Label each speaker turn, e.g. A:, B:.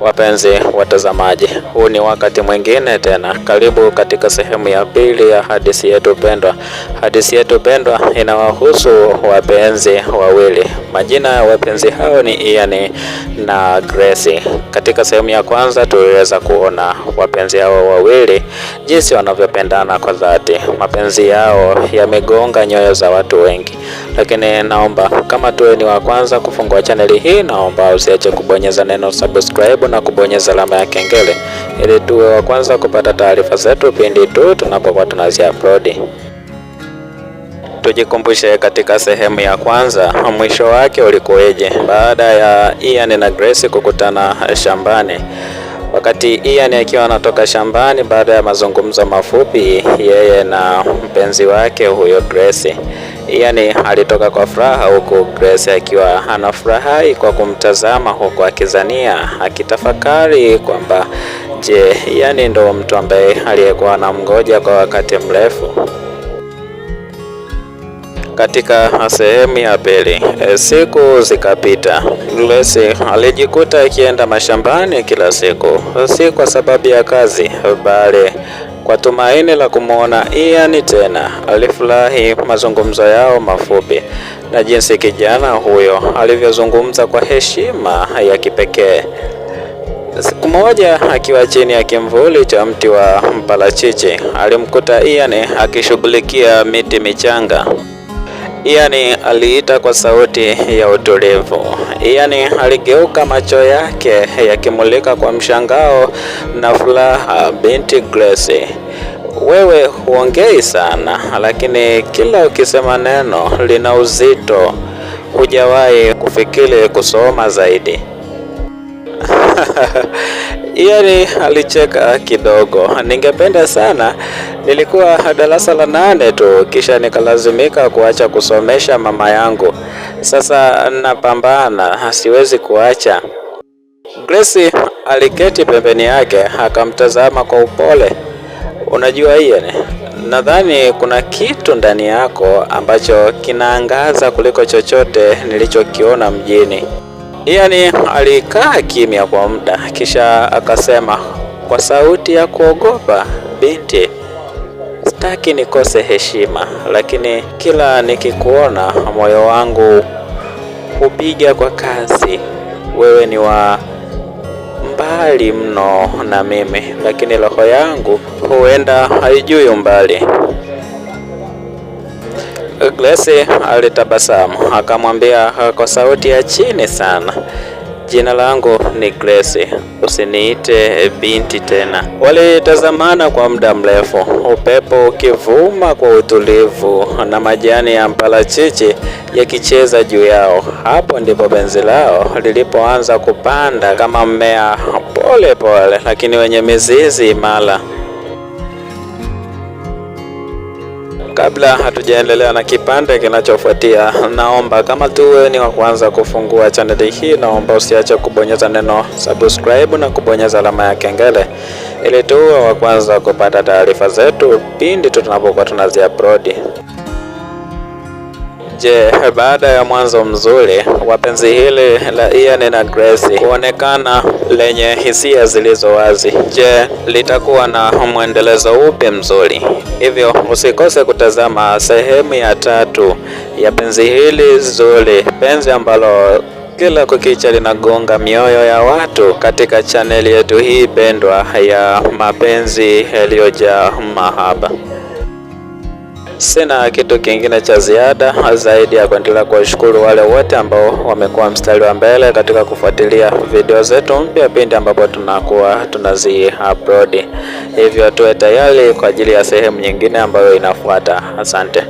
A: Wapenzi watazamaji, huu ni wakati mwingine tena, karibu katika sehemu ya pili ya hadithi yetu pendwa. Hadithi yetu pendwa inawahusu wapenzi wawili Majina ya wapenzi hao ni Ian na Grace. Katika sehemu ya kwanza tuliweza kuona wapenzi hao wawili jinsi wanavyopendana kwa dhati. Mapenzi yao yamegonga nyoyo za watu wengi, lakini naomba kama tuwe ni wa kwanza kufungua chaneli hii, naomba usiache kubonyeza neno subscribe na kubonyeza alama ya kengele ili tuwe wa kwanza kupata taarifa zetu pindi tu tunapokuwa tunazi upload. Tujikumbushe katika sehemu ya kwanza mwisho wake ulikuweje, baada ya Ian na Grace kukutana shambani. Wakati Ian akiwa anatoka shambani baada ya mazungumzo mafupi yeye na mpenzi wake huyo Grace, Ian alitoka kwa furaha, huku Grace akiwa anafurahi kwa kumtazama, huku akizania akitafakari kwamba je, Ian ndo mtu ambaye aliyekuwa anamngoja kwa wakati mrefu
B: katika sehemu ya pili. E, siku zikapita, Grace alijikuta akienda mashambani kila siku, si kwa sababu ya kazi, bali kwa tumaini la kumwona Ian tena. Alifurahi mazungumzo yao mafupi na jinsi kijana huyo alivyozungumza kwa heshima ya kipekee. Siku moja akiwa chini ya kimvuli cha mti wa mpalachichi alimkuta Ian akishughulikia miti michanga. Ian aliita kwa sauti ya utulivu. Ian aligeuka, macho yake yakimulika kwa mshangao na furaha. Binti Grace, wewe huongei sana, lakini kila ukisema neno lina uzito. Hujawahi kufikiri kusoma zaidi?
C: Ian alicheka kidogo. Ningependa sana Nilikuwa darasa la nane tu, kisha nikalazimika kuacha kusomesha mama yangu. Sasa napambana, siwezi kuacha. Grace aliketi pembeni yake akamtazama kwa upole. Unajua Ian, nadhani kuna kitu ndani yako ambacho kinaangaza kuliko chochote nilichokiona mjini. Ian yaani, alikaa kimya kwa muda, kisha akasema kwa sauti ya kuogopa, binti Sitaki nikose heshima, lakini kila nikikuona moyo wangu hupiga kwa kasi. Wewe ni wa mbali mno na mimi, lakini roho yangu huenda haijui umbali. glesi alitabasamu akamwambia kwa sauti ya chini sana Jina langu ni Grace, usiniite binti tena. Walitazamana kwa muda mrefu, upepo ukivuma kwa utulivu na majani ya mparachichi yakicheza juu yao. Hapo ndipo penzi lao lilipoanza kupanda kama mmea pole pole, lakini wenye mizizi imara. Kabla hatujaendelea na kipande kinachofuatia, naomba kama tu wewe ni wa kwanza kufungua chaneli hii, naomba usiache kubonyeza neno subscribe na kubonyeza alama ya kengele ili tuwe wa kwanza kupata taarifa zetu pindi tunapokuwa tunazi upload.
D: Je, baada ya mwanzo mzuri wa penzi hili la Ian na Grace kuonekana lenye hisia zilizo wazi, je, litakuwa na mwendelezo upi mzuri? Hivyo usikose kutazama sehemu ya tatu ya penzi hili zuri, penzi ambalo kila kukicha linagonga mioyo ya watu katika chaneli yetu hii pendwa ya mapenzi yaliyojaa mahaba. Sina kitu kingine cha ziada zaidi ya kuendelea kuwashukuru wale wote ambao wamekuwa mstari wa mbele katika kufuatilia video zetu mpya pindi ambapo tunakuwa tunazi upload. Hivyo tuwe tayari kwa ajili ya sehemu nyingine ambayo inafuata. Asante.